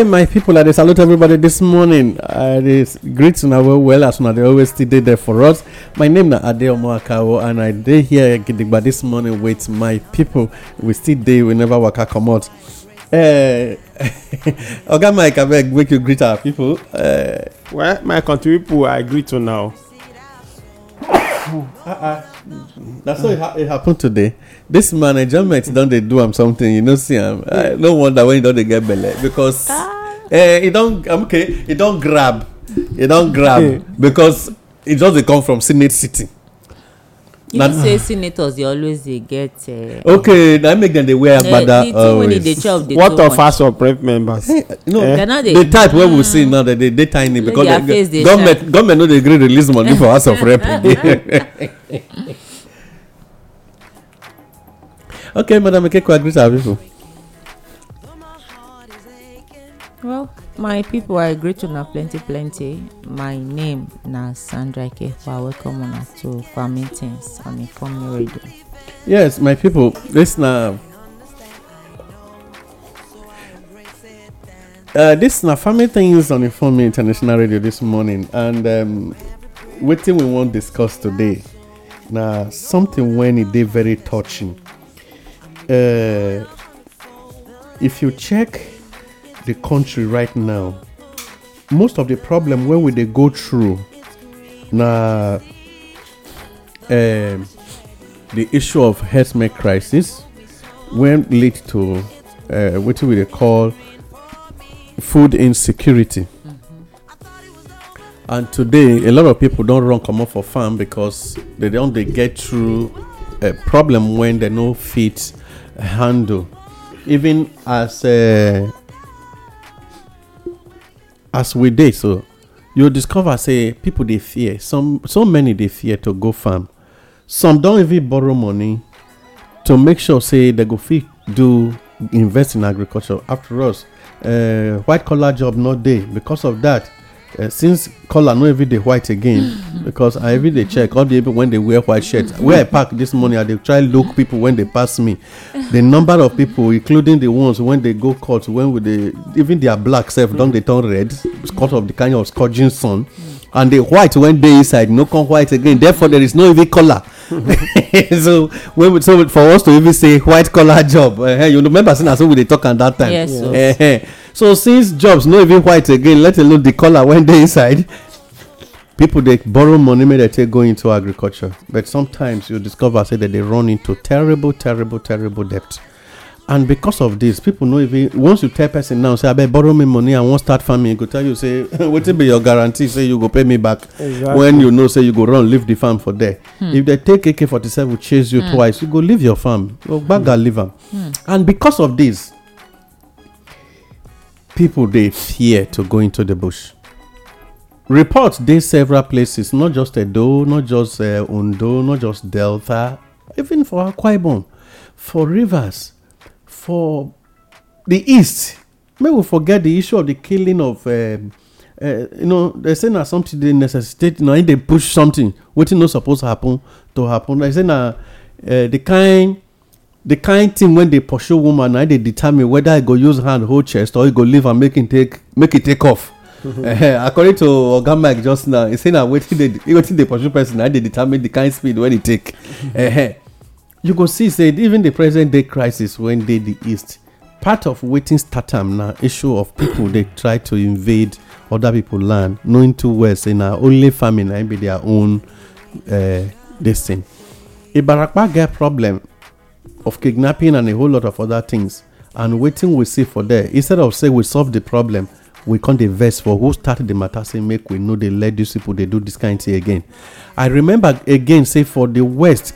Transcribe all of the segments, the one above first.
Hi, my people. I salute everybody this morning. I greet you now well as una they always still there for us. My name is Ade Omoakawo, and I day here Gidigba this morning with my people. We still day, we never work come out. Uh, eh, Oga Mike, I beg, make you greet our people. Uh, well, my country people, I greet you now. Uh-uh. That's how it, ha- it happened today. This man, don't they do him something? You know, see him. I no wonder when you don't they get belly because ah. it eh, don't. I'm okay. It don't grab. It don't grab because it just they come from Senate City you know say senators dey always dey get. Uh, okay na make dem eh, dey wear agbada always what of us or prep members. Hey, no eh? the type wey we mm. see now dey dey dey tiny because the government government no dey gree release money for house of rep okay madam ekeko agree to our people. well My people, I greet una plenty plenty. My name na Sandra Kefa. Welcome una to Farming Things on Informe Radio. Yes, my people, this na uh, this na Farming Things on Informe International Radio this morning, and um, wetin we wan discuss today na something when e dey very touching. Uh, if you check the country right now most of the problem where we they go through now eh, the issue of health crisis when lead to uh, we dey call food insecurity and today a lot of people don't run comot for farm because they don't they get through a eh, problem when they no fit handle even as a as we dey so you discover say people dey fear some so many dey fear to go farm some don even borrow money to make sure say they go fit do invest in agriculture after us uh, white collar job no dey because of that Uh, since color no every dey white again because i every dey check all the people when they wear white shirt where i park this morning i dey try look people when they pass me the number of people including the ones when they go court when we dey even their black sef don dey turn red because of the kind of scorching sun mm. and the white when dey inside no come white again therefore there is no even color so when so for us to even say white collar job eh, eh, you remember say na so we dey talk am that time yes eh, so since jobs no even white again let alone the color when dey inside people dey borrow money make they take go into agriculture but sometimes you discover say dem dey run into terrible terrible terrible debt and because of this people no even once you tell person now say abeg borrow me money i wan start farming e go tell you say wetin be your guarantee say you go pay me back when you know say you go run leave the farm for there hmm. if they take ak-47 chase you hmm. twice you go leave your farm go gbaga hmm. leave am and because of this people dey fear to go into the bush Report dey several places not just edo not just uh, ondo not just delta even for akwa ibom for rivers for the east make we forget the issue of the killing of um, uh, you know they say na something they necessitate na im dey push something wetin no to happen to happen they say na uh, the kind the kind thing when they pursue woman na dey determine whether e go use hand hold chest or e go leave am make e take make e take off uh, according to oga mike just now he say na wetin dey wetin dey pursue person na dey determine the kind speed wey e take uh, you go see say even the present day crisis wey dey the east part of wetin start am na issue of people dey try to invade other people land knowing too well say na only farming na be their own uh, this thing ibarapa get problem of kidnapping and a whole lot of other things and waiting we see for there instead of say we solve the problem we come dey vex for who start the matter say make we no dey let these people dey do this kind thing again i remember again say for the west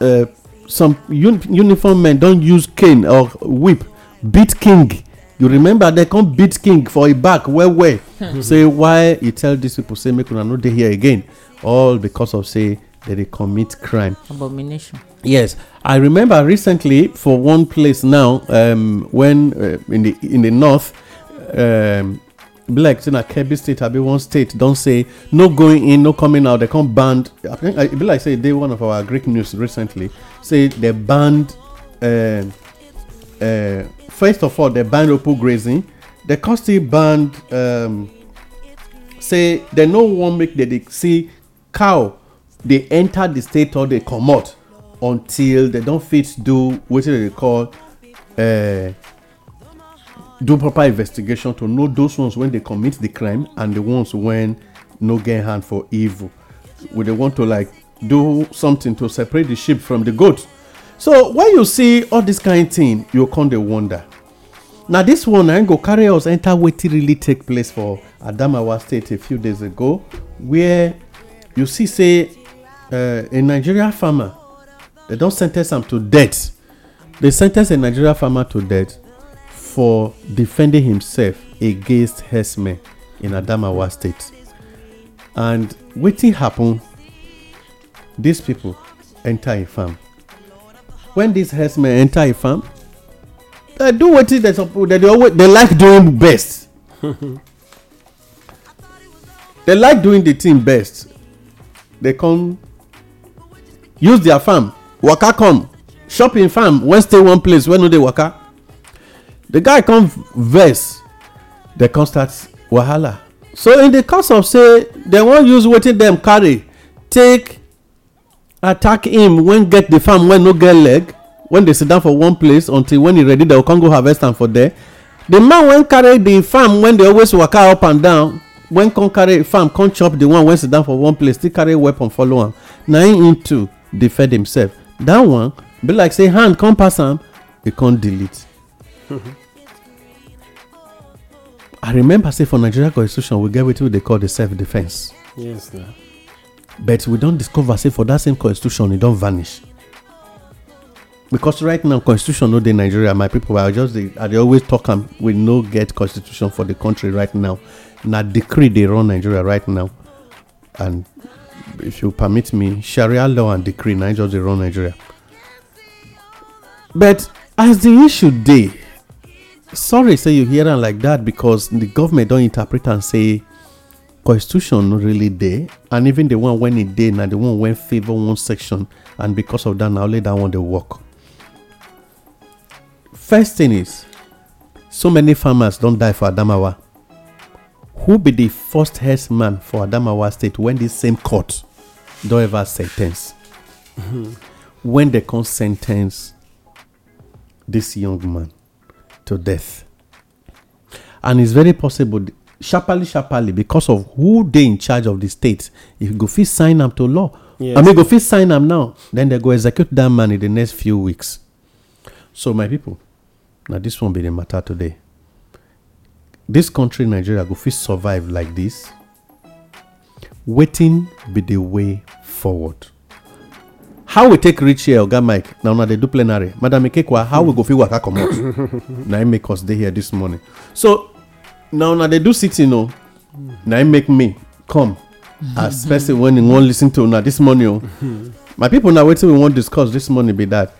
uh, some un uniform men don use cane or whip beat king you remember they come beat king for e back well well hmm. say why e tell these people say make una no dey here again all because of say that they commit crime. Abomination. Yes, I remember recently for one place now um, when uh, in the in the north. Um, blacks in a Kebbi state, Abi one state, don't say no going in, no coming out. They come banned. I think I be like say day one of our Greek news recently say they banned. Uh, uh, first of all, they banned open grazing. They constantly banned. Um, say they no one make that they see cow dey enter di state or dey comot until dem don fit do wetin dem dey call uh, do proper investigation to know those ones wey dey commit di crime and di ones wey no get hand for evil we dey want to like do something to separate di sheep from di goat so when you see all dis kind thing you come dey wonder na dis one na go carry us enter wetin really take place for adamawa state a few days ago where you see say uh, a Nigeria farmer, they don't sentence him to death. They sentence a Nigeria farmer to death for defending himself against herdsmen in Adamawa state. And wetin happen? These people enter a farm. When these herdsmen enter a farm, they do what they suppose they always they like doing best. they like doing the thing best. They come use their farm waka come shop him farm wen stay one place wey no dey waka the guy come vex dem come start wahala so in the course of say dem wan use wetin dem carry take attack him wen get the farm wen no get leg wen dey sit down for one place until wen e ready dem go come go harvest am for there the man wen carry the farm wen dey always waka up and down wen come carry farm come chop the one wen sit down for one place still carry weapon follow am na him him too defend himself That one be like say hand come pass am e come delete i remember say for nigeria constitution we get wetin we dey call the self defence yes but we don discover say for that same constitution e don vanish because right now constitution no dey nigeria my people, i just dey i dey always talk am we no get constitution for the country right now na decree dey run nigeria right now and if you permit me, Sharia law and decree na just run Nigeria. But as the issue day, sorry say you hear am like that because the government don't interpret and say constitution no really dey and even the one when it e dey na the one wey favor one section and because of that now only that one dey work. First thing is, so many farmers don't die for Adamawa. Who be the first herdsman for Adamawa state when this same court don ever sentence when they come sentence dis young man to death and its very possible sharply sharply because of who they in charge of the state if you go fit sign up to law i mean go fit sign up now then they go execute that man in the next few weeks so my people, now this won't be the matter today This country nigeria go fit survive like this wetin be the way forward how we take reach here oga mike na una dey do plenary madam ikekwa how we go fit waka comot na im make us dey here this morning so na una dey do sitting o na im make me come as person wey im wan lis ten to una this morning o oh. my people na wetin we wan discuss this morning be that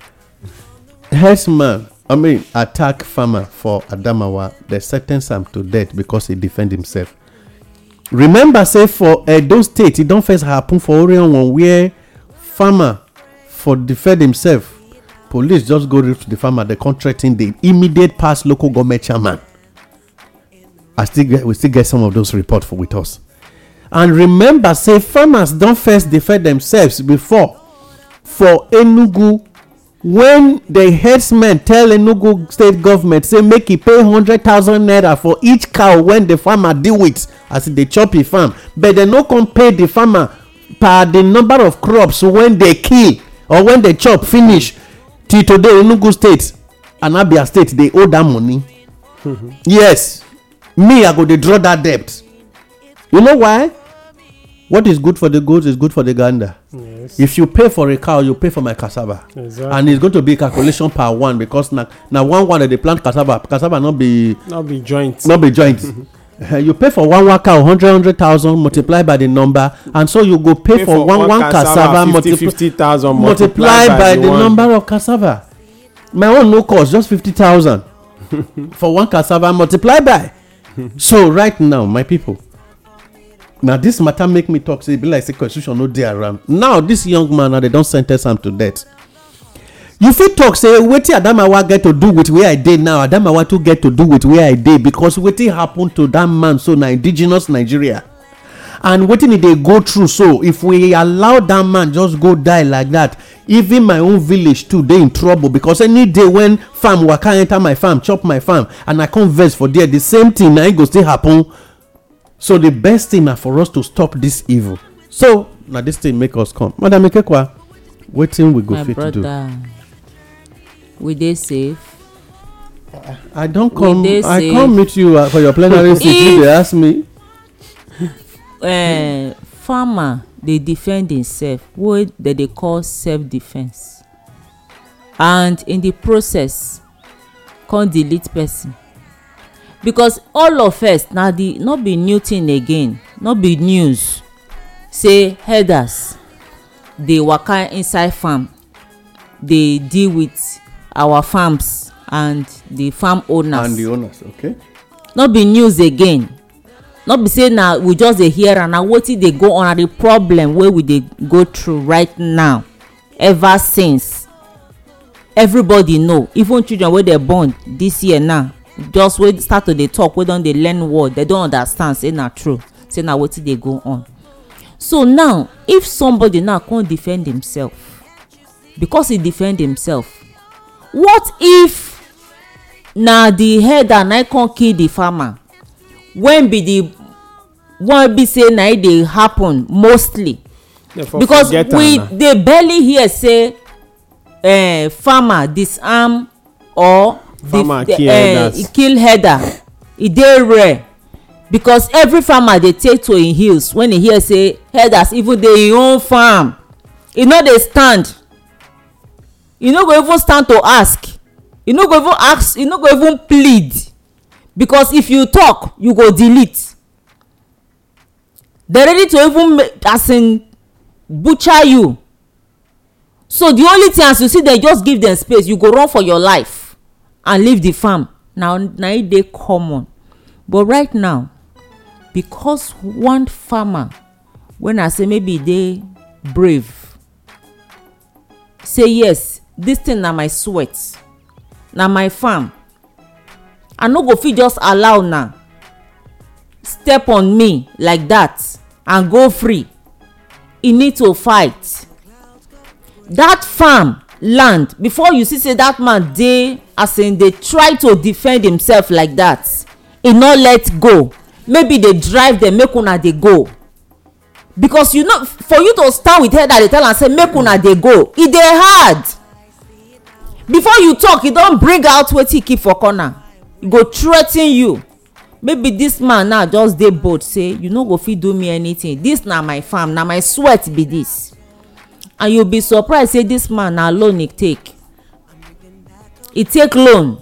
herdsman i mean attack farmer for adamawa dem sen ten ce am to death because he defend himself remember say for edo state e don first happen for orion one wia farmer for defend himself police just go reach the farmer the come threaten the immediate pass local government chairman i still get we still get some of those report for with us and remember say farmers don first defend themselves before for enugu When the herdsmen tell enugu state government say make e pay hundred thousand naira for each cow when the farmer deal with as e dey chop e farm but dem no come pay di farmer per the number of crops wen dey kill or wen dey chop finish till today enugu state and abia state dey owe dat money mm-hmm. yes me i go dey draw dat debt you know why what is good for the goats is good for the gander. Yes. If you pay for a cow, you pay for my cassava. Exactly. And it's going to be calculation per one because now, now one one they plant cassava, cassava not be not be joint, not be joint. Uh, you pay for one one cow, hundred hundred thousand multiplied by the number, and so you go pay, pay for, for one one, cassava, cassava 50, multipl- 50, 000 multiplied by, by the, the number of cassava. My own no cost, just fifty thousand for one cassava multiplied by. so right now, my people na this matter make me talk say e be like say constitution no dey around now this young man na dem don sen ten ce am to death you fit talk say wetin adamawa get to do with where i dey now adamawa too get to do with where i dey because wetin happen to that man so na indigenous nigeria and wetin e dey go through so if we allow that man just go die like that, even my own village too dey in trouble because any day when farm waka enter my farm chop my farm and i come vex for there the same thing na e go still happen so the best thing na for us to stop this evil so na this thing make us come madam ikekwa wetin we go fit do my brother. we dey safe i don come i come meet you uh, for your plenary seat you dey ask me eh, farmer dey defend himself wey dem dey call self defense and in the process come delete person because all of us na the no be new thing again no be news say herders dey waka inside farm dey deal with our farms and the farm owners and the owners okay no be news again no be say na we just dey hear am na wetin dey go on na the problem wey we dey go through right now ever since everybody know even children wey dey born this year now just wey start to dey talk wey don dey learn word dem don understand say na true say na wetin dey go on so now if somebody now come defend himself because he defend himself what if na the herder na e come kill the farmer when be the one be say na e dey happen mostly Therefore, because we dey barely hear say uh, farmer disarm or farmer eh, eh, kill herder e dey rare because every farmer dey take to im heels when e hear say herders even dey im own farm e no dey stand e no go even stand to ask e no go even ask e no go even plead because if you talk you go delete dem ready to even as in butcher you so the only thing as you see dem just give dem space you go run for your life and leave the farm na na e dey common but right now because one farmer wey na say maybe e dey brave say yes this thing na my sweat na my farm i no go fit just allow na step on me like that and go free e need to fight that farm land before you see say that man dey as in dey try to defend himself like that e no let go maybe dey drive dem make una dey go because you know for you to stand with head i dey tell am say make una dey go e dey hard before you talk e don bring out wetin he keep for corner e go threa ten you maybe this man now just dey bold say you no go fit do me anything This na my farm na my sweat be this and you be surprised say this man na loan he take He take loan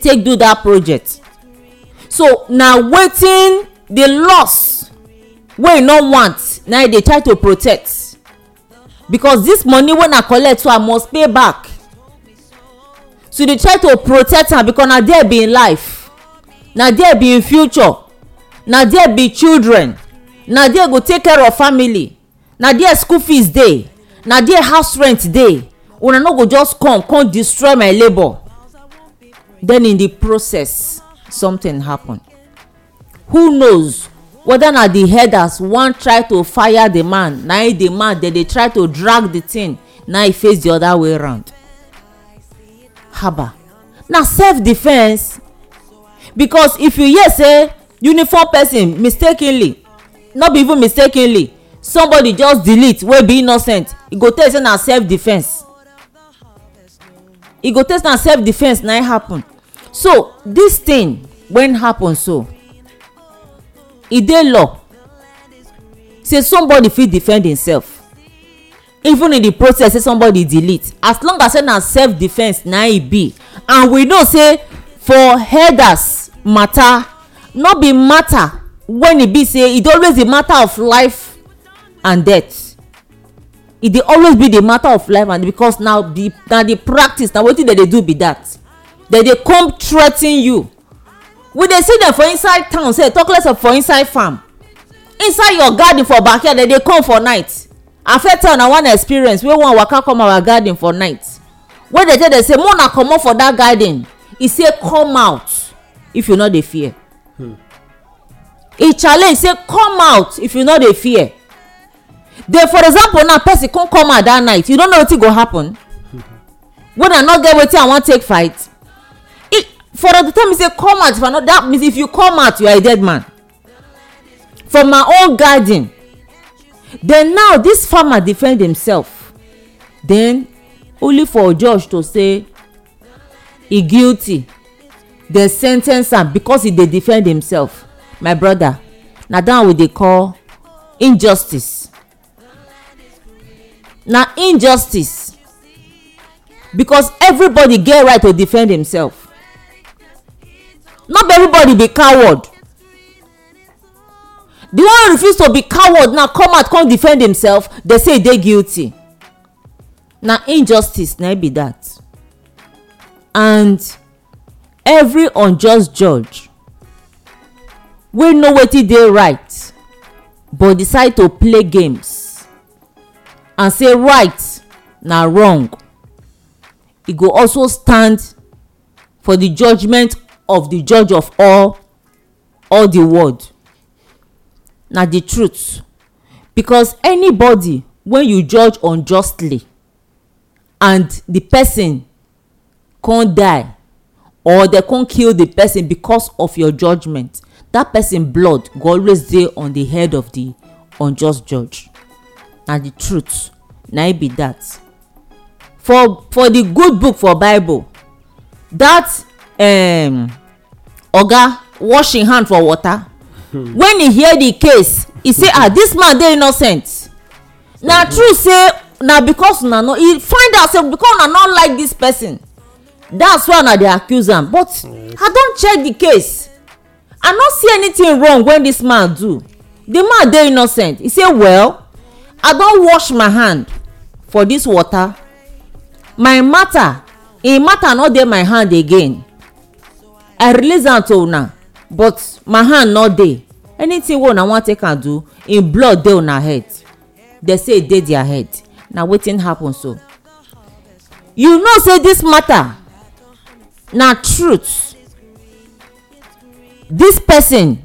take do that project so na wetin the loss wey you no want na you dey try to protect because this money wey na collect so i must pay back so you dey try to protect am because na there be im life na there be im future na there be children na there go take care of family na there school fees dey na there house rent dey una no go just come come destroy my labour then in the process something happen who knows whether na the herders wan try to fire the man na him the man dem dey try to drag the thing na e face the other way round haba na self defence because if you hear say uniform person mistakenly no be even mistakenly somebody just delete wey be innocent e go tell you say na self defence e go tell you say na self defence na e happen so this thing when happen so e dey law say somebody fit defend himself even in the process say somebody delete as long as say na self defence na it e be and we know say for herders matter no be matter when e be say e dey always be matter of life and death e dey always be the matter of life and because na the na the practice na wetin dem dey do be that dem dey come threa ten you we dey see dem for inside town sef talk less of for inside farm inside your garden for backyard dem dey come for night affect am na one experience wey one waka come our garden for night wey dey tell dem say more na comot for dat garden e say come out if you no dey fear hmm. e hmm. challenge say come out if you no dey fear then for example now person come come out that night you don't know wetin go happen when i no get wetin i wan take fight if for the time you say come out if i no that means if you come out you are a dead man from my own garden then now this farmer defend himself then only for judge to say he guilty dem sen ten ce am because he dey defend himself my brother na that one we dey call injustice na injustice because everybody get right to defend himself not everybody be coward the one wey refuse to be coward now come out come defend himself dey say e dey guilty na injustice na e be that and every unjust judge wey know wetin dey right but decide to play games and say right na wrong e go also stand for the judgment of the judge of all all the world na the truth because anybody wey you judge unjustly and the person come die or they come kill the person because of your judgment that person blood go always dey on the head of the unjust judge na the truth na e be that for for the good book for bible that um, oga wash him hand for water when he hear the case he say ah this man dey innocent na true say na because una no he find out say because una no like this person that's why una dey accuse am but i don check the case i no see anything wrong when this man do the man dey innocent he say well i don wash my hand for this water my matter im matter no dey my hand again i release am to una but my hand no dey anything wey una wan take am do im blood dey una head dey say e dey their head na wetin happen so you know say this matter na truth This person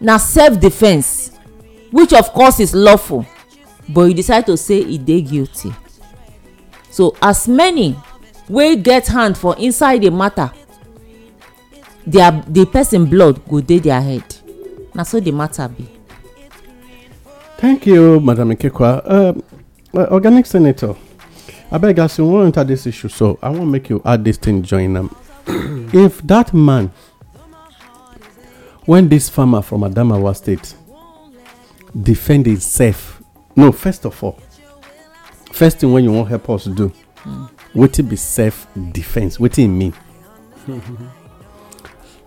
na self defense which of course is lawful but you decide to say e dey guilty so as many wey get hand for inside the matter their the person blood go dey their head na so the matter be. thank you madam ikekwa uh, um, uh, organic senator abeg as you wan enter this issue so i wan make you add this thing join am if that man when this farmer from adamawa state defend himself no first of all first thing wey you wan help us do mm. wetin be self defence wetin e mean.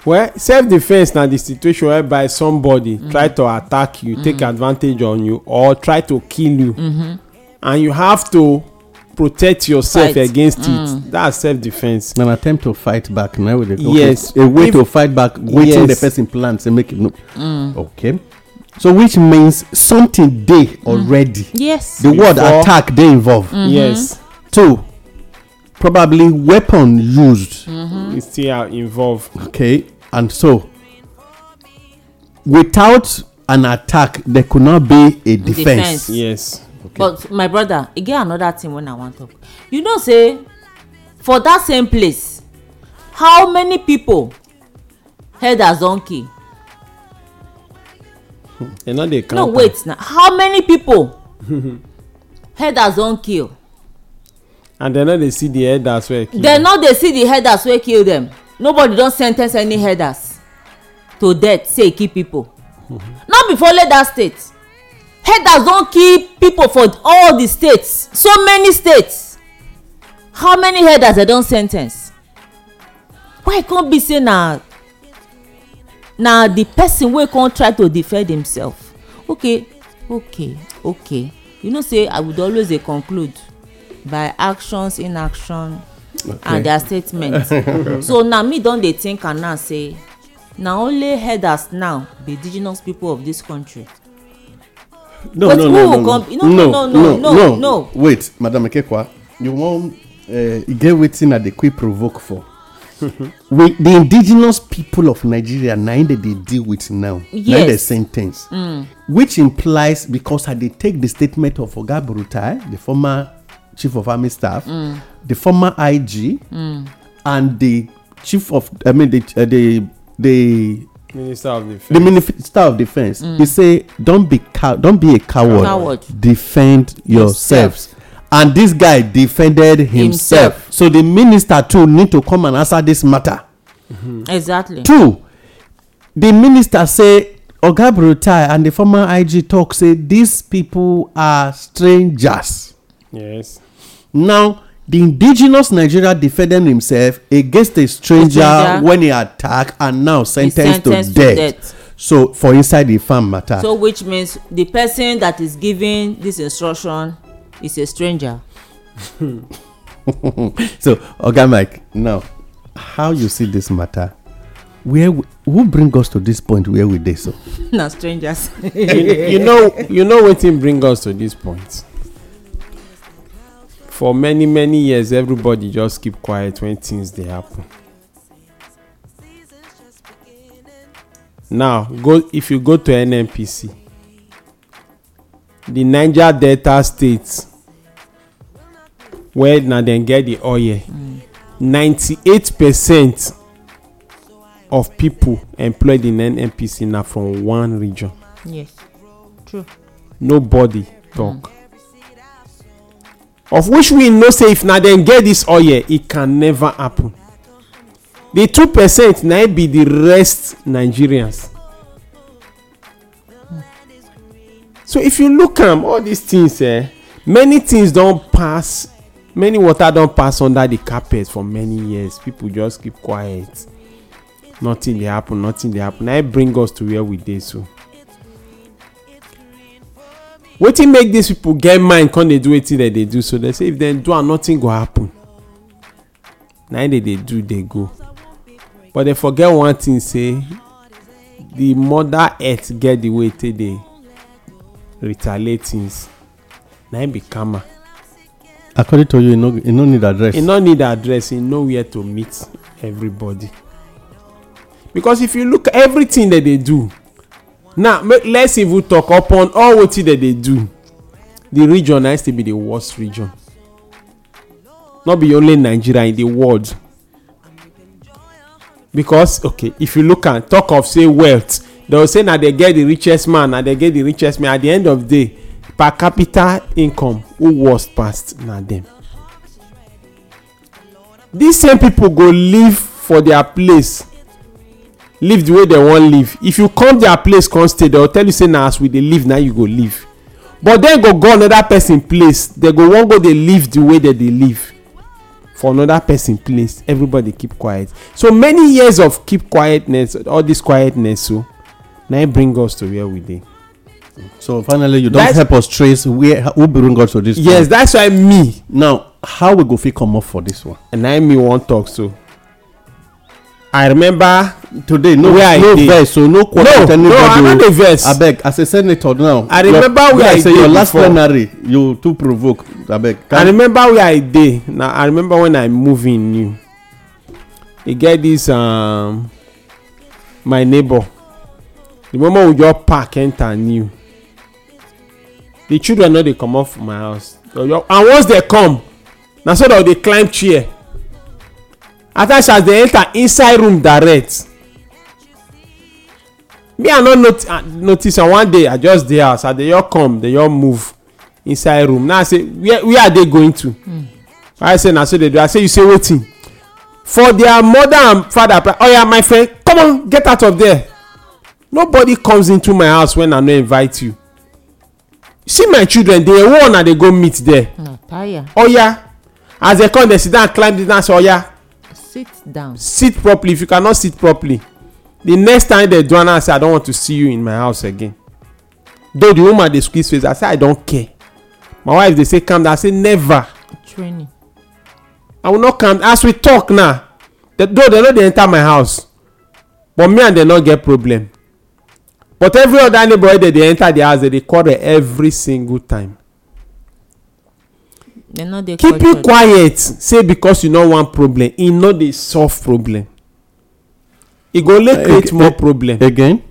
well self defence na the situation whereby somebody mm. try to attack you mm. take advantage on you or try to kill you -hmm. and you have to protect yourself fight. against mm. it that's self-defense an attempt to fight back now with the yes a way if, to fight back waiting yes. the person plan, say make it e no mm. okay so which means something dey mm. already yes the word attack dey involved mm-hmm. yes two probably weapon used mm-hmm. is still involved okay and so without an attack there could not be a defense yes okay but my brother e get another thing wey i wan talk you know say for that same place how many people herders don kill e no dey count no wait na how many pipo herders don kill and dem no dey see di herders wey kill dem no dey see di herders wey kill dem nobody don sen ten ce any herders to death say e kill pipo no be for only dat state herders don kill pipo for all di states so many states how many herders dem don sen ten ce why e come be say na na the person wey come try to defend himself okay okay okay you know say i would always dey conclude by actions inaction okay. and their statements so na me don dey think am now say na only herders now be indigenous people of this country no but no no no, no. no no no no no no no wait madam ekekwa you wan uh, eh, get wetin i dey quick provoke for we the indigenous people of nigeria na im dey deal with now yes. na im dey sentence mm. which implies because i dey take the statement of oga burutai the former chief of army staff mm. the former ig mm. and the chief of i mean the uh, the the minister of defense the minister of Defence, mm. he say don't be cow don't be a coward, coward. defend yourselves. yourself and this guy defended himself, himself. so the minister too need to come and answer this matter. Mm-hmm. exactly. two the minister say oga brutai and the former ig talk say these people are strangers. yes. now the indigenous nigeria defended himself against a stranger, a stranger. when he attacked and now sentenced, sentenced to, death. to death. so for inside the farm matter. so which means the person that is giving this instruction is a stranger. so oga mike now how you see this matter where who bring us to this point where we dey so na strangers you know you know wetin bring us to this point for many many years everybody just keep quiet when things dey happen now go if you go to nnpc the niger delta state where na dem get the oil ninety-eight percent of people employed in nnpc na from one region yes true nobody mm. talk of which we know say if na dem get dis oil e can never happen the two percent na be the rest nigerians so if you look am all these things eh many things don pass many water don pass under the carpet for many years people just keep quiet nothing dey happen nothing dey happen na it e bring us to where we dey so wetin make these people get mind come dey do wetin dem dey do so dem say if dem do am nothing go happen na im dem dey do dey go but dem forget one thing say the mother earth get the way e take dey retaliate things na im be karma according to you e no no need address e no need address e know where to meet everybody because if you look everything dem dey do now let's even talk upon all wetin dem dey do the region na still be the worst region no be only nigeria in the world because okay if you look am talk of say wealth dem say na they get the richest man na they get the richest man at the end of the day per capita income who worst past na dem these same people go live for their place live the way dem wan live if you come their place come stay dem go tell you say na as we dey live na you go live but dem go go another person place dem go wan go dey live the way dem dey live for another person place everybody keep quiet so many years of keep quietness all this quietness so oh, na it bring us to where we dey So finally, you don't help us trace where who bring us to this. Yes, point. that's why me. Now, how we go fit come up for this one? And I me want talk so. I remember today no where no I did. verse so no quote no, No, I no dey verse. Abeg oh. as a senator now. I remember your, where I, I dey before. Your last plenary you too provoke abeg. I remember where I dey na I remember when I move in new. E get this um, my neighbor the moment we just park enter new the children no dey comot for my house and once dem come na so dem dey climb chair attach as dem enter inside room direct me i no notice am one day i just dey house i dey yaw come dey yaw move inside room now i say where where are they going to hmm. i say na so they do i say you say wetin for their mother and father oya oh my friend come on get out of there nobody comes into my house when i no invite you see my children dey one and they go meet there oya as they come they sit down climb the dance oya sit down sit properly if you cannot sit properly the next time they do am say i don't want to see you in my house again though the woman dey squeeze face i say i don't care my wife dey say calm down i say never training i will not calm as we talk now though dem no dey enter my house but me and dem no get problem but every other neighbor wey dey enter the house dey dey quarrel every single time Keep you quiet say because you no want problem e no dey solve problem e go only create more problem again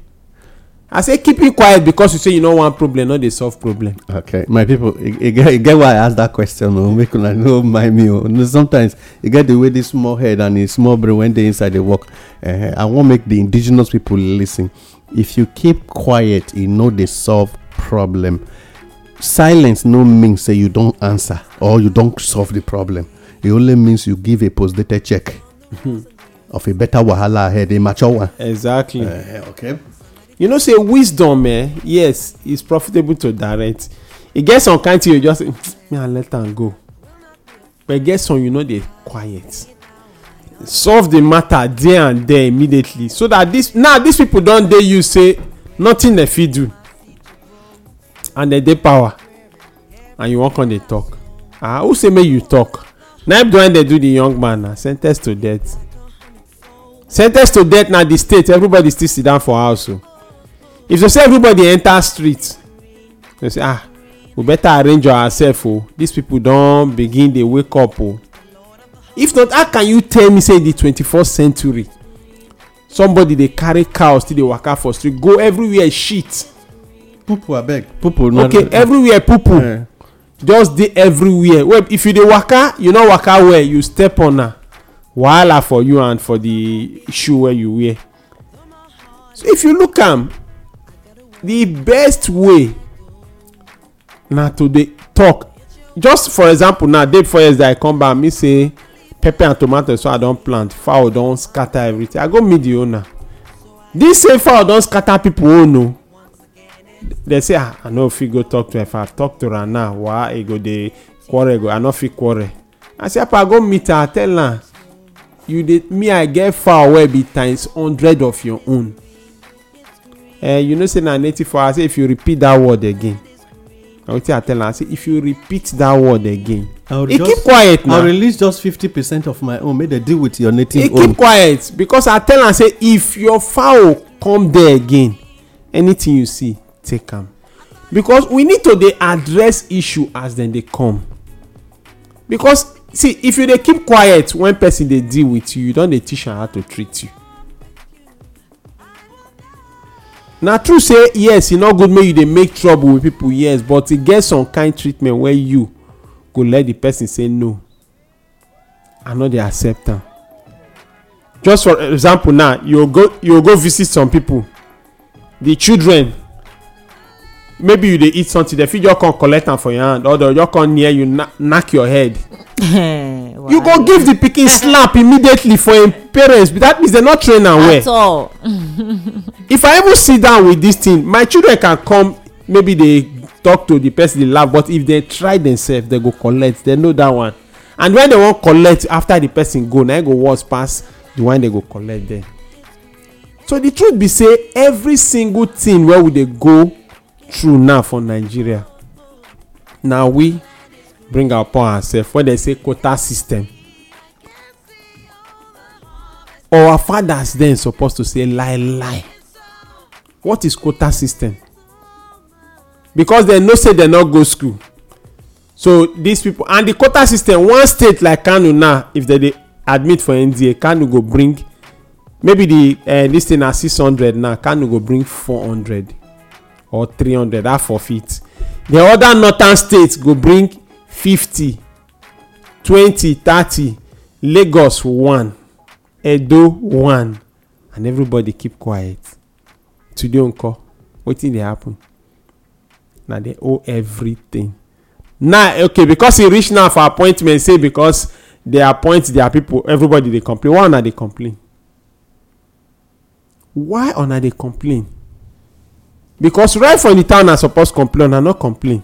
i say keep you quiet because you say you no want problem no dey solve problem okay my people e, e, e get why i ask that question o oh, make una no mind me oh. o sometimes e get the way this small head and the small brain wey dey inside dey work eh, i wan make the indigenous people listen if you keep quiet you know they solve problem silence no mean say you don't answer or you don't solve the problem It only means you give a postdated check of a better wahala ahead a mature one exactly eh, okay. you know say wisdom eh yes it's profitable to direct It gets on, kind thing you just me i let am go but e get some you know they quiet solve the matter there and there immediately so that this now these people don dey use say nothing dem fit do and dem dey power and you wan come dey talk ah who say make you talk na if the one do the young man na sen ten ce to death sen ten ce to death na the state everybody still sit down for house o oh. if you say everybody enter street you say ah we better arrange ourselves o oh. these people don begin dey wake up o. Oh if not how can you tell me say in the twenty-first century somebody dey carry cow still dey waka for street go everywhere shit. pupu abeg pupu no okay everywhere pupu yeah. just dey everywhere well if you dey waka you no waka well you step on am wahala for you and for the shoe wey you wear so if you look am the best way na to dey talk just for example now day before yesterday i come back me say pepper and tomato so i don plant fowl don scatter everything i go meet the owner this same fowl don scatter people own o oh. they say ah i no fit go talk to her if i talk to her now wa e go dey quarrel go i no fit quarrel i say I go meet her tell her you dey me i get fowl wey be times hundred of your own eh you know say na native fowl i say if you repeat that word again wetin i tell am say if you repeat that word again he keep quiet now i release just fifty percent of my own make dem deal with your native own he keep quiet because i tell am say if your fowl come there again anything you see take am because we need to dey address issue as dem dey come because see if you dey keep quiet when person dey deal with you you don dey teach am how to treat you na true say yes e no good make you dey make trouble with people yes but e get some kind treatment wey you go let the person say no i no dey accept am just for example now you go you go visit some people the children maybe you dey eat something dem fit just come collect am for your hand or dem just come near you knack your head you go give the pikin slap immediately for im parents but that means dem no train am well if i even sit down with this thing my children can come maybe dey talk to the person dey laugh but if dem try themselves dem go collect dem know that one and when dem wan collect after the person go na e go worse pass the one dem go collect then so the truth be say every single thing wey we dey go true now for nigeria na we bring our power. ourselves when they say quota system our fathers then suppose to say lie lie what is quota system because they know say they no go school so these people and the quota system one state like kano now if they dey admit for nda kano go bring maybe the uh, this thing na six hundred now kano go bring four hundred or three hundred that forfeit the other northern states go bring fifty twenty thirty lagos one edo one and everybody keep quiet today nko wetin dey happen na dey owe everything now okay because e reach now for appointment say because dey appoint their people everybody dey complain why una dey complain why una dey complain because right from the town I suppose complain na no complain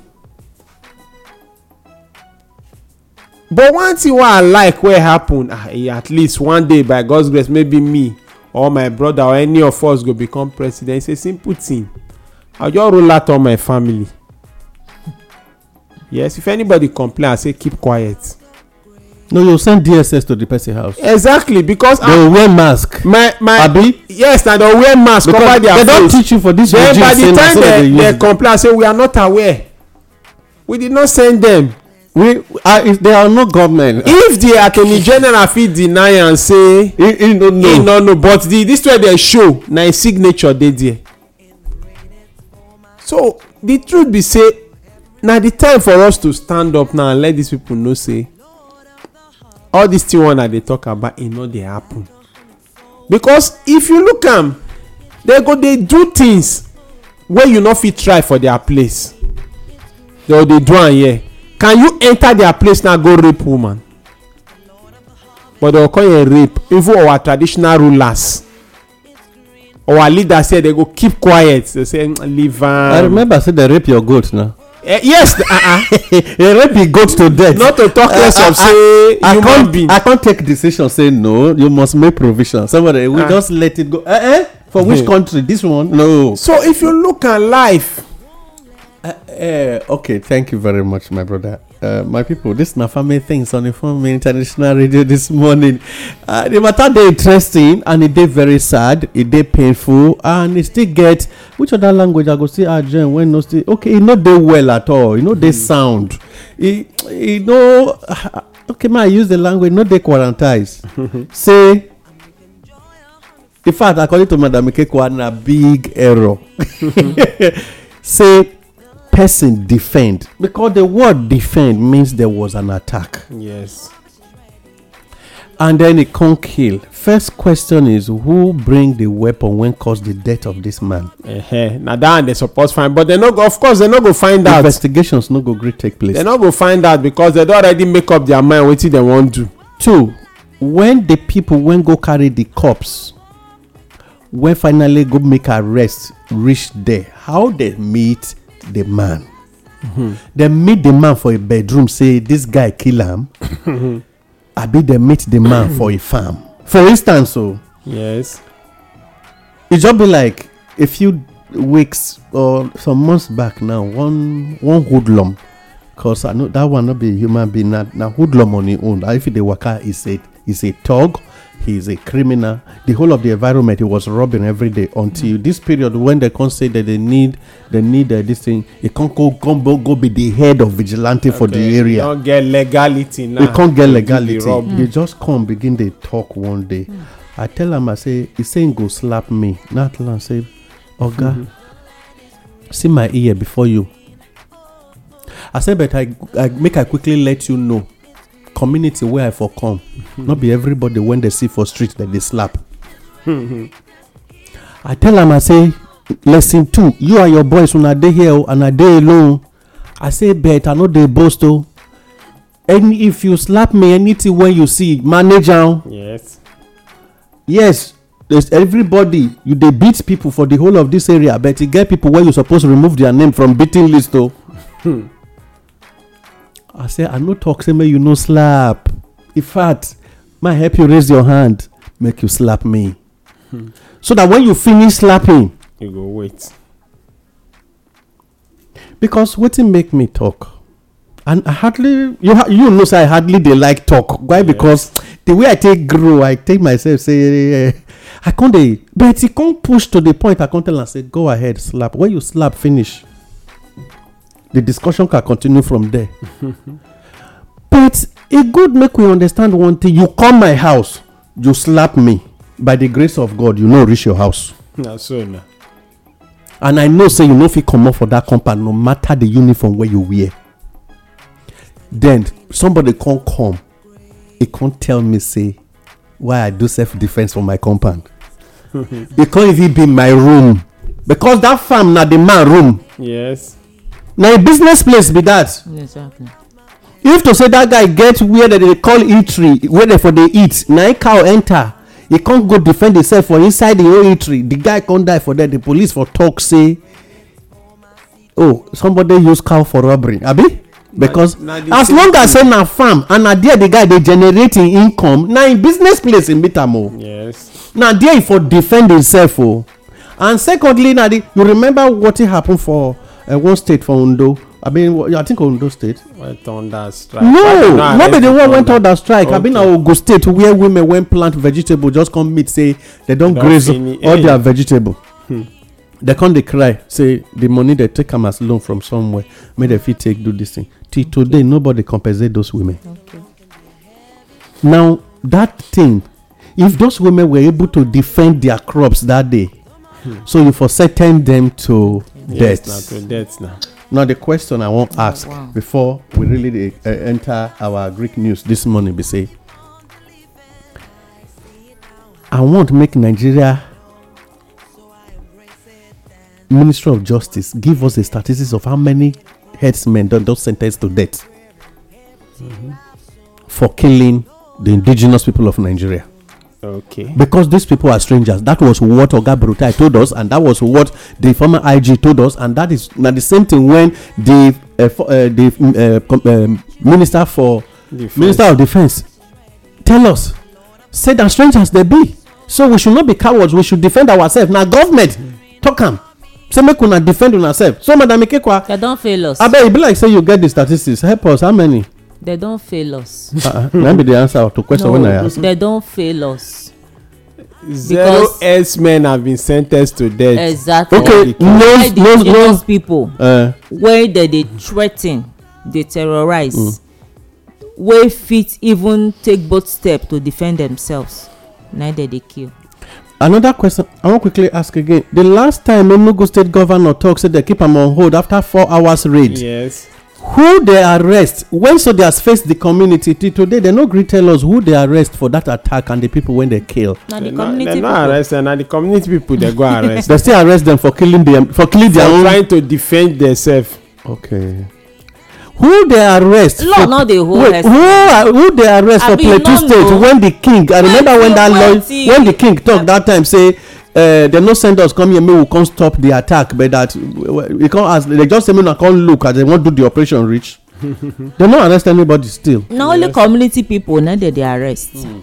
but one thing wey i like wey happen ah, eh, at least one day by god's grace maybe me or my brother or any of us go become president it's a simple thing i just roll out all my family yes if anybody complain i say keep quiet no you send dss to the person house. exactly because. they wear mask. my my abi. yes na they wear mask because cover their face. they don teach you for this then regime say na so they use. then time they they complain say we are not aware we did not send them. we uh, if they are no government. Uh, if the attorney general fit deny am say. he he no know he no know but the this way they show na him signature dey there. so the truth be say na the time for us to stand up now and let these people know say all dis thing one i dey talk about e no dey happen because if you look am dem go dey do things wey you no fit try for their place dem go dey do am here can you enter their place now go rape woman but dem go call you rape even our traditional rulers our leaders here dem go keep quiet they say mm, leave am. i remember say dem rape your goat na. Eh, yes uh-uh. rape goat to death not to talk uh, less of say I human being i can't take decision say no you must make provision somebody we ah. just let it go eh, eh? for which hmm. country this one no so if you look at life uh, okay thank you very much my brother Uh, my people, this is my family things on Informe International Radio this morning. Uh, the matter they interesting and it dey very sad, It dey painful, and e still get which other language I go still add when no still okay, e no dey well at all, e no dey hmm. sound, e e no okay, man. I use the language Not they quarantize. Say in fact according to Madam Ikekwa na big error. Say person defend because the word defend means there was an attack yes and then it can't kill first question is who bring the weapon when caused the death of this man uh-huh. now that they supposed find but they no go of course they no go find out investigations no go great take place they no go find out because they don already make up their mind what they want to. two when the people when go carry the corpse when finally go make arrest reach there how they meet the man dem meet the man for a bedroom say this guy kill am abi dem meet the man for a farm for instance o oh, yes e just be like a few weeks or some months back now one one hoodlum cause i know that one no be human being na hoodlum on him own if e dey waka e say thug he's a criminal. The whole of the environment he was robbing every day until mm-hmm. this period when they can say that they need they need uh, this thing. He can't go, can't go, be the head of vigilante okay. for the area. You can't get legality now. Nah. can't get legality. They, mm-hmm. they just come begin they talk one day. Mm-hmm. I tell him I say he saying go slap me. Not long say, Oga, mm-hmm. see my ear before you. I say, but I, I make I quickly let you know community wey i for come no be everybody wey dey see for street dem dey slap i tell am i say lesson two you and your boys una dey here and i dey alone i say bet i no dey boast o any if you slap me anything wey you see manage am yes yes there's everybody you dey beat people for the whole of this area but e get people wey you suppose remove their name from beating list o I say, I no talk, say, may you no slap. In fact, my help you raise your hand, make you slap me. So that when you finish slapping, you go wait. Because waiting make me talk. And I hardly, you ha- you know, say I hardly they like talk. Why? Yes. Because the way I take grow, I take myself, say, eh, I can't, they, but it e can't push to the point I can't tell and say, go ahead, slap. When you slap, finish the discussion can continue from there but e good make we understand one thing you come my house you slap me by the grace of god you no reach your house na so e na and i know say you no fit comot for dat compound no matter the uniform wey you wear then somebody come come e come tell me say why i do self defence for my compound e come even be my room because dat farm na the man room yes na a business place be that exactly if to say that guy get where they dey call eatery where they for dey eat na e cow enter he con go defend himself for inside the own eatery The guy con die for there The police for talk say oh somebody use cow for robbery abi because as long as say na farm and na there the guy dey generate im income na im business place im meet am o yes na there e for defend himself o oh. and secondly na you remember what happen for uh, what state for Ondo? I mean, I think Ondo State. Went on that strike. No, no not the one went on that strike. Okay. I mean, Ogo State where women went plant vegetable just come meet say they don't, don't graze all hey. their vegetable. Hmm. They come they cry say the money they take them as loan from somewhere may they fit take do this thing. Till okay. today nobody compensate those women. Okay. Now that thing, if those women were able to defend their crops that day, hmm. so you for certain them to Deaths. yes, Now, to death now the question i want ask oh, before we really dey eh, eh, enter our greek news this morning be say i want make nigeria ministry of justice give us the statistics of how many headsmen don don sentenced to death mm-hmm. for killing the indigenous people of nigeria Okay. Because these people are strangers. That was what Oga Brutai told us, and that was what the former IG told us, and that is now the same thing when the uh, for, uh, the mm, uh, com, um, minister for defense. minister of defense tell us say that strangers they be. So we should not be cowards. We should defend ourselves. Now government mm. talk am say make una defend una sef so madam ikekwa. dem don fail us. abeg e be like say you get the statistics help us how many they don fail us. na ah, ah. be the answer to question wey i ask. they don fail us. zero s men have been sentenced to death. exactly okay no no no those people. Uh, eh. wey dey dey threa ten dey terrorize. Mm. wey fit even take both steps to defend themselves na dey dey kill. another question i wan quickly ask again the last time enugu state governor talk say they keep am on hold after four hours raid. yes who they arrest wen soldiers face the community till today they no gree tell us who they arrest for that attack and the people wey dem kill na di community pipo dem no arrest dem na di community people dem go arrest dem still arrest dem for killing for dia own for trying to defend demsef okay. who dey arrest law no dey hold wait who who dey arrest for plateau state When the king i remember when that when the king talk that time say dem eh, no send us come here make we come stop the attack but that we come ask they just say make una come look as they wan do the operation reach dem no arrest anybody still na only community pipo na dem dey arrest hmm.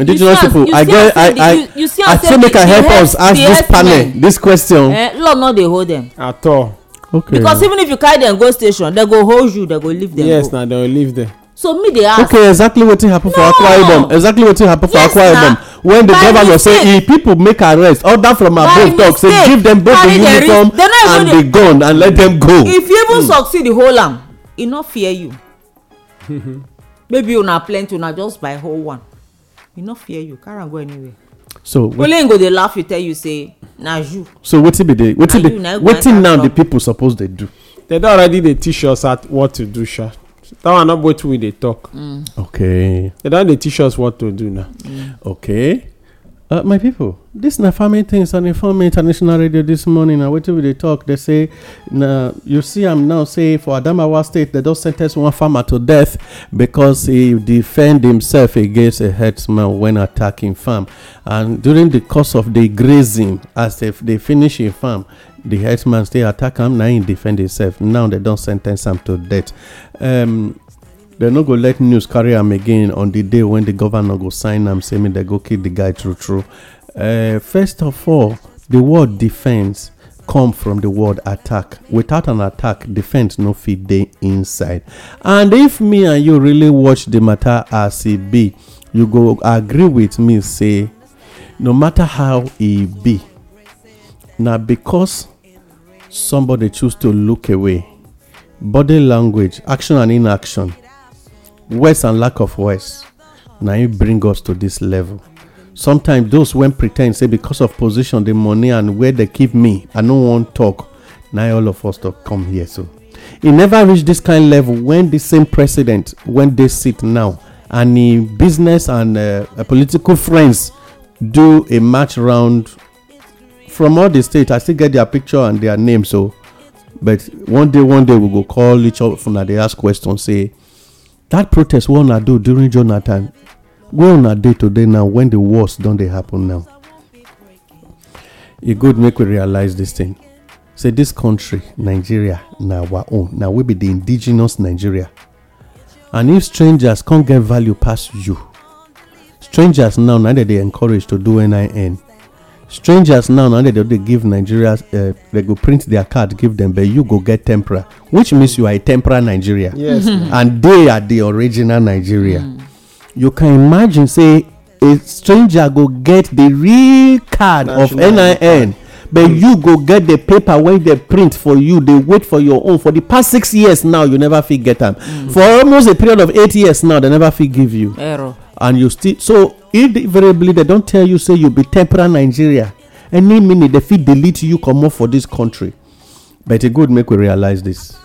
indigenous people i get i i i say make i help us ask this panel This question eh, law no dey hold dem at all okay because even if you carry dem go station dem go hold you dem go leave dem yes na dem go leave dem so me dey ask okay exactly wetin happen for akwa ibom exactly wetin happen for akwa ibom when the governor say e people make arrest order from above talk say give them both the uniform and the gun and let them go if you even hmm. succeed hold am e no fear you maybe una plenty una just buy whole one e no fear you carry am go anywhere so only go dey laugh you tell you say na you so wetin be the wetin now the people suppose dey do They don already dey teach us what to do sha that one not what we They talk mm. okay they don dey teach us what to do now mm. okay uh, my people, this na farming things on informe international radio this morning I wetin we they talk They say na you see I'm now say for adamawa state they don sentence one farmer to death because he defend himself against a herdsman when attacking farm and during the course of the grazing as if they finish him farm the herdsman still attack am na him defend himself now dem don sen ten ce am to death um, dem no go let news carry am again on di day wen di governor go sign am say make dem go kill di guy true true uh, first of all di word defence come from di word attack without an attack defence no fit dey inside and if me and you really watch di matter as e be you go agree with me say no matter how e be na because somebody choose to look away body language action and inaction words and lack of words Now you bring us to this level sometimes those when pretend say because of position the money and where they keep me i no want talk Now all of us to come here so he never reach this kind level when the same president when they sit now and business and uh, political friends do a match round from all the states, I still get their picture and their name. So, but one day, one day, we go call each other and they ask questions. Say that protest we wanna do during Jonathan, we on a do today now when the wars don't they happen now. It good make we realize this thing. Say this country, Nigeria, now our own. Now we be the indigenous Nigeria. And if strangers can't get value past you, strangers now now that they encourage to do NIN strangers now na dem dey give nigerians uh, they go print their card give them, but you go get tempera, which means you are a tempera nigeria Yes. and they are the original nigeria hmm. you can imagine say a stranger go get the real card of nin but hmm. you go get the paper wey dem print for you dey wait for your own for the past six years now you never fit get am hmm. for almost a period of eight years now They never fit give you and you still so invariably they don't tell you say you be temporary nigeria any minute they feel delete you come comot for this country but it good make we realize this.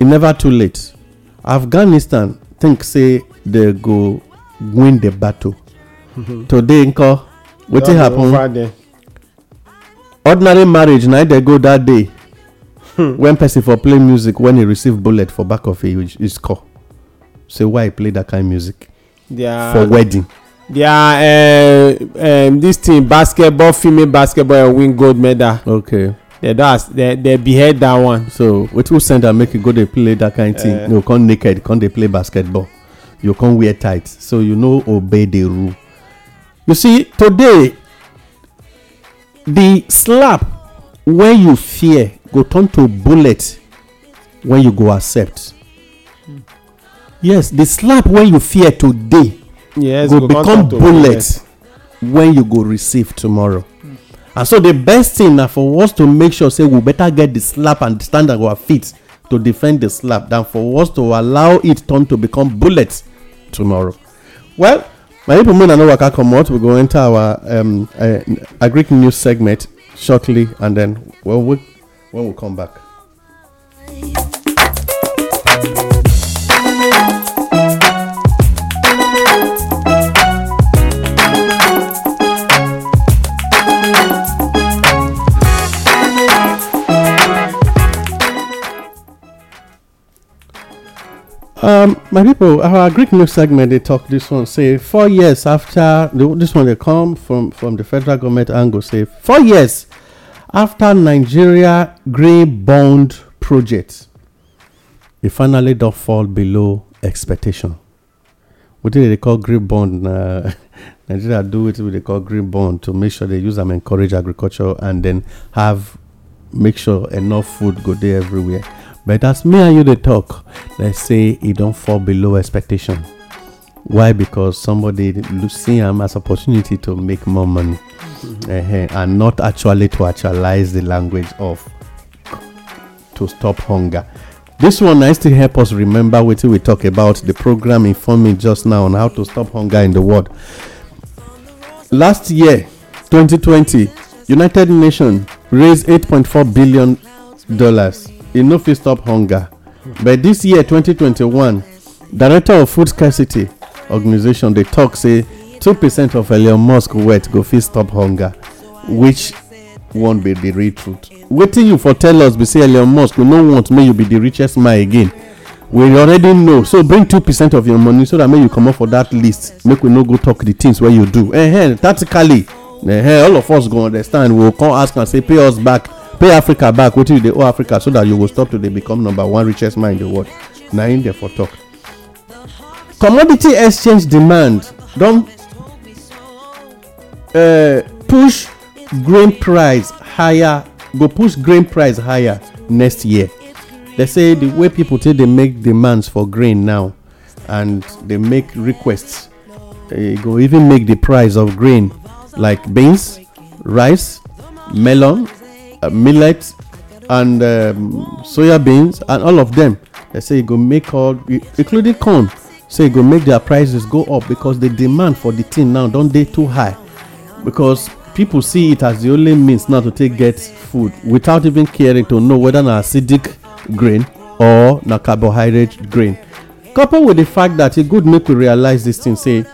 It never too late afghanistan think say they go win the battle mm-hmm. today nko wetin happen ordinary marriage na they go that day hmm. when person for play music when he receive bullet for back of his car say why he play that kind music their for wedding. their uh, eh, eh, um, this thing basketball female basketball win gold medal. okay. they don they they behead that one. so wetin send am make you e go dey play that kind uh, thing you eh. come naked come dey play basketball you come wear tight so you no obey the rule. you see today the slap wey you fear go turn to bullet wey you go accept yes the slap wey you fear today yes go become bullet wey you go receive tomorrow and so the best thing na for us to make sure say we better get the slap and stand on our feet to defend the slap than for us to allow it turn to become bullet tomorrow well my people may no waka comot we go enter our um, uh, agric news segment shortly and then when we when we come back. um my people our greek news segment they talk this one say four years after this one they come from from the federal government angle say four years after nigeria green bond project it finally don fall below expectation What do they call green bond uh, nigeria do it with they call green bond to make sure they use them encourage agriculture and then have make sure enough food go there everywhere but as me and you they talk they say don't fall below expectation why because somebody see am as opportunity to make more money uh and not actually to actualize the language of to stop hunger this one nice to help us remember we talk about the program informing just now on how to stop hunger in the world last year 2020 united nations raised 8.4 billion dollars e no fit stop hunger but this year 2021 director of food scarcity organization, dey talk say 2 percent of elon musk wealth go fit stop hunger which one be the real truth wetin you for tell us be say elon musk we no want make you be the richest man again we already know so bring 2 percent of your money so that make you comot for that list make we no go talk the things wey you do ehn tactically ehn all of us go understand we go come ask am say pay us back pay africa back wetin you dey owe africa so that you go stop to dey become number one richest man in the world na im dey for talk commodity exchange demand don eh, push grain price higher go push grain price higher next year They say the way people take dey make demands for grain now and dey make requests e go even make the price of grain like beans rice melon uh, millet and um, soya beans and all of them they say you go make all including corn say you go make their prices go up because the demand for the thing now don't they too high because people see it as the only means now to take get food without even caring to know whether na acidic grain or na carbohydrate grain coupled with the fact that e good make we realize this thing say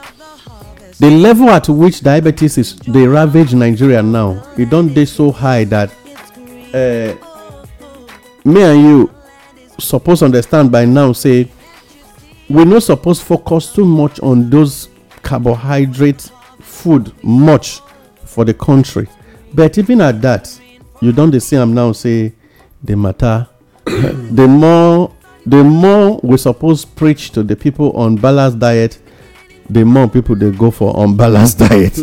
the level at which diabetes is dey ravage nigeria now e don dey so high that uh, me and you suppose understand by now say we no suppose focus too much on those carbohydrate food much for the country but even at that you don't see them now say the matter the more the more we suppose preach to the people on balanced diet the more people they go for unbalanced diet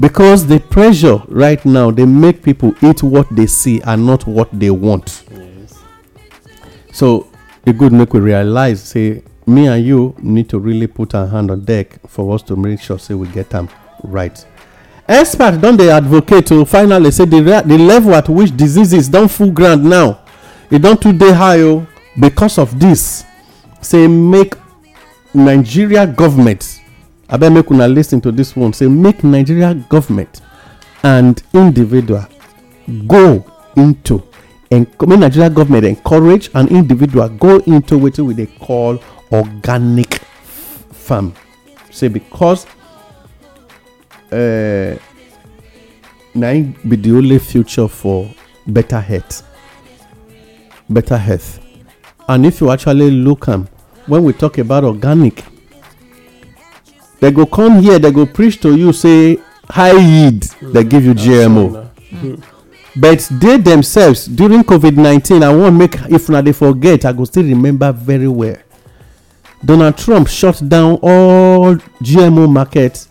because the pressure right now they make people eat what they see and not what they want so the good make we realize say me and you need to really put our hand on deck for us to make sure say we get them right experts don't they advocate to oh, finally say the, the level at which diseases don't full ground now it e don't today high oh, because of this say make nigeria government abeg make una listen to this one say make nigeria government and individual go into make nigeria government encourage and individual go into wetin we dey call organic farm say because uh, na im be the only future for better health better health and if you actually look am when we talk about organic they go come here they go preach to you say high yield they give you mm. gmo mm. but they themselves during covid-19 i won't make if una they forget i go still remember very well donald trump shut down all gmo markets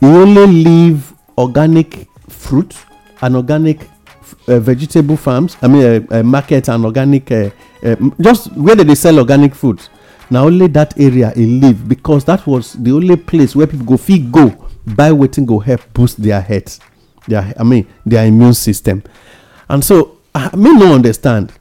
He only leave organic fruit and organic uh, vegetable farms i mean uh, uh, market and organic just where they sell organic food na only that area e live because that was the only place where people go fit go buy wetin go help boost their health their i mean their immune system and so ah, me no understand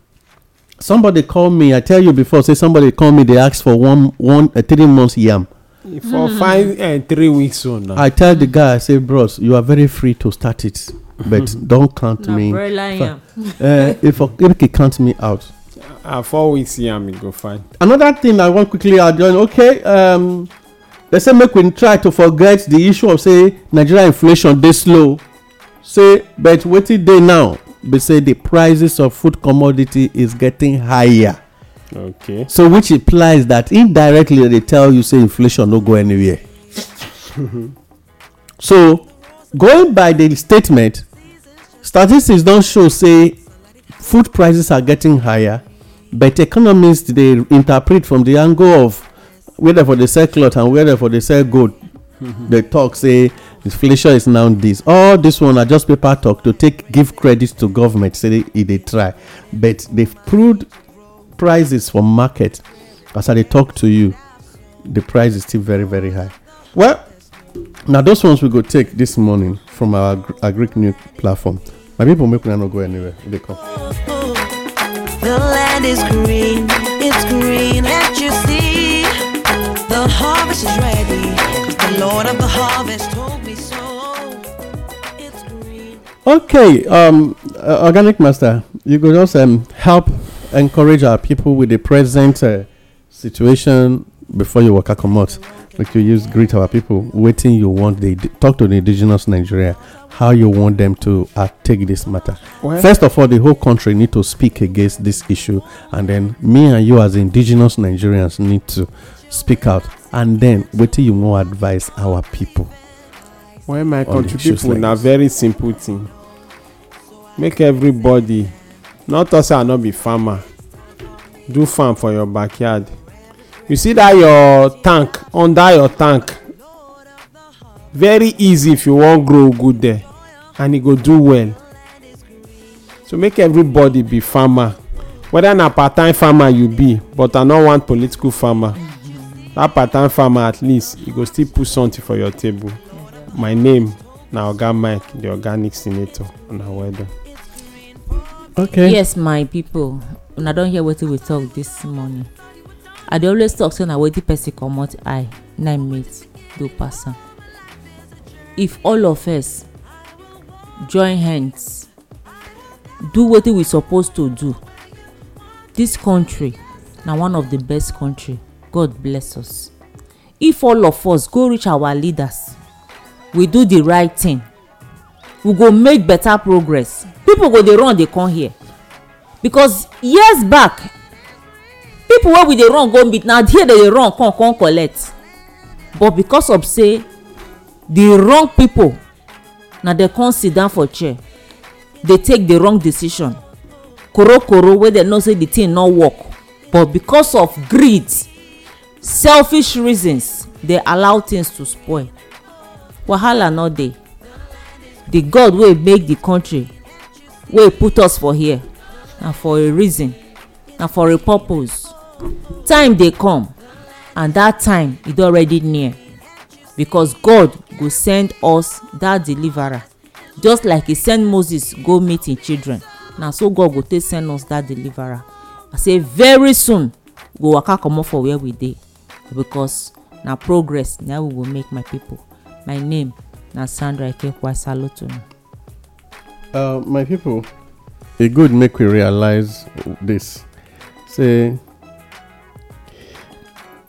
somebody call me i tell you before say somebody call me dey ask for one one uh, three months yam for mm-hmm. five and eh, three weeks so now i tell the guy i say bros you are very free to start it but mm-hmm. don't count me yam. Eh, if you count me out Uh, four weeks here, me go fine. Another thing I want quickly add on. Okay, um, they say make we try to forget the issue of say Nigeria inflation dey slow. Say, but wetin dey now be say the prices of food commodity is getting higher. Okay. So which implies that indirectly they tell you say inflation no go anywhere. so going by the statement, statistics don show say food prices are getting higher But economists they interpret from the angle of whether for the sell cloth and whether for the sell gold. Mm-hmm. They talk say inflation is now this. All this one are just paper talk to take give credit to government say they, they try, but they've proved prices for market. As I talk to you, the price is still very very high. Well, now those ones we go take this morning from our, our Greek new platform. My people make no go anywhere. They come. The land is green, it's green, don't you see. The harvest is ready, cause the Lord of the harvest told me so. It's green. Okay, um, uh, Organic Master, you could also um, help encourage our people with the present uh, situation before you work out. like you use greet our people waiting you want they talk to the indigenous nigeria how you want them to uh, take this matter well, first of all the whole country need to speak against this issue and then me and you as indigenous nigerians need to speak out and then waiting you more advise our people well my country people like na very simple thing make everybody not us i not be farmer do farm for your backyard you see that your tank under your tank very easy if you wan grow good there and e go do well so make everybody be farmer whether na part time farmer you be but i no want political farmer that part time farmer at least e go still put something for your table my name na oga mike the organic senator una well done. okay yes my people una don hear wetin we talk this morning i dey always talk say na wetin person comot eye na im mate do pass am if all of us join hands do wetin we suppose to do this country na one of the best country god bless us if all of us go reach our leaders we do the right thing we go make better progress people go dey run dey come here because years back people wey we dey run go meet na here dey dey run come come collect but because of say the wrong people na dem come sit down for chair dey take the wrong decision korokoro wey dem know say the thing no work but because of greed selfish reasons dey allow things to spoil wahala no dey the god wey make the country wey put us for here na for a reason na for a purpose time dey come and that time e don already near because god go send us that deliverer just like he send moses go meet him children na so god go take send us that deliverer i say very soon we go waka comot for where we dey because na progress na we go make my people my name na sandra ikekwa salotuna. Uh, my people e good make we realize this say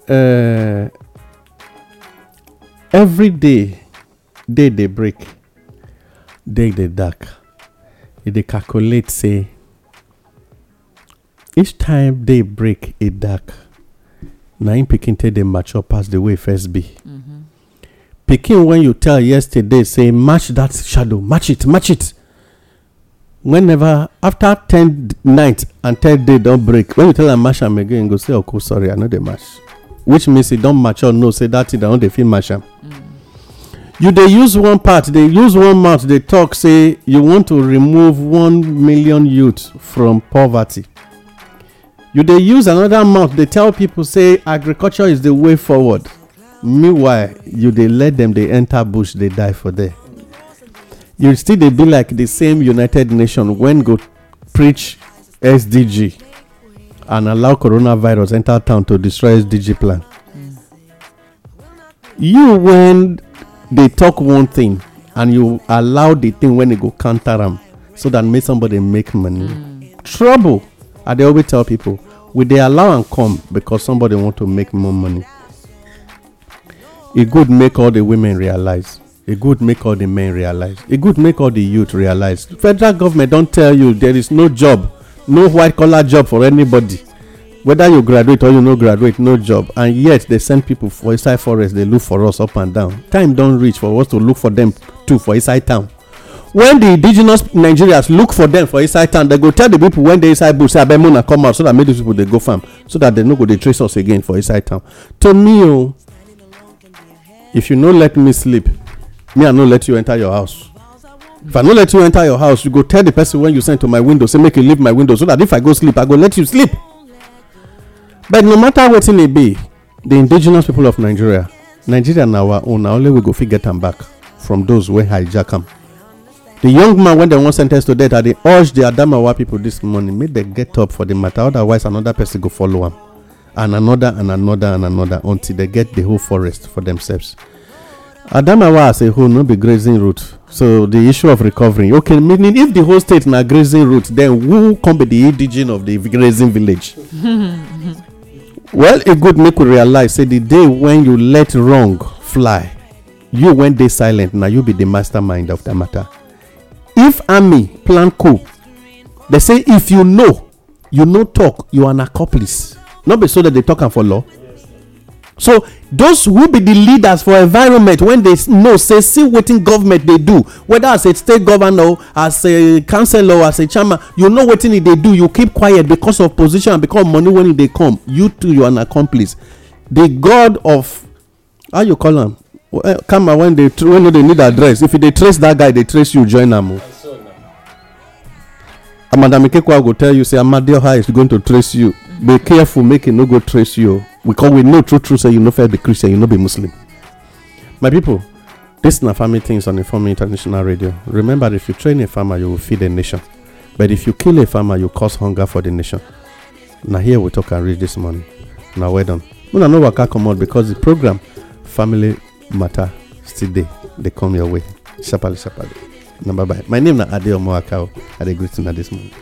uh, every day day dey break day dey dark e dey calculate say each time day break e dark na im pikin take dey mature pass the way e first be mm-hmm. pikin when you tell yesterday say match that shadow match it match it whenever after ten night and ten day don break when you tell am match am again go say oko sorry i no dey match which means e don mature know say dat thing i no dey fit match am you dey use one part dey use one mouth dey talk say you want to remove one million youths from poverty you dey use another mouth dey tell people say agriculture is the way forward meanwhile you dey let dem dey enter bush dey die for there you still dey be like the same united nations when go preach sdg and allow coronavirus enter town to destroy his digiplan plan. you when they talk one thing and you allow the thing when they go counter them so that make somebody make money mm. trouble i they always tell people we they allow and come because somebody want to make more money it good make all the women realize it good make all the men realize it good make all the youth realize federal government don't tell you there is no job no white collar job for anybody whether you graduate or you no graduate no job and yet they send people for inside forest They look for us up and down time don reach for us to look for them too for inside town when the indigenous nigerians look for them for inside town they go tell the people when dey inside bush say abeg una come out so that make these people dey go farm so that they no go dey trace us again for inside town to me o oh, if you no let me sleep me i no let you enter your house if i no let you enter your house you go tell the person when you send to my window say make you leave my window so that if i go sleep i go let you sleep but no matter wetin e be the indigenous people of nigeria nigeria na our own na only we go fit get am back from those wey hijack am the young man wey dem wan sen ten ce to death i dey urge the adamawa people this morning make dem get up for the matter otherwise another person go follow am and another and another and another until dem get the whole forest for themselves Adamawa as a oh, whole no be grazing route. So the issue of recovering. Okay, meaning if the whole state na grazing route, then who come be the indigene of the grazing village? well, e good make we realize say the day when you let wrong fly, you when dey silent na you be the mastermind of the matter. If army plan coup, they say if you know, you no talk, you an accomplice. Not be so that they talk am for law so those who be the leaders for environment when they know say see wetin government dey do whether as a state governor as a councillor as a chairman you know wetin e dey do you keep quiet because of position and because of money wey dey come you too you an accomplice the god of how you call am kama eh, when they when no dey need address if you dey trace that guy dey trace you join am o madam ikekwa go tell you say amadioha is going to trace you be careful make e no go trace you o we call we know true true say you no fit be christian you no be muslim my people this na farming things on informing international radio remember if you train a farmer you will feed a nation but if you kill a farmer you cause hunger for the nation Now here we talk and read this morning na well done una no come out because the program family matter still day. They come your way Shapali shapali. na bye bye my name na adeomo akao i dey greet una this morning.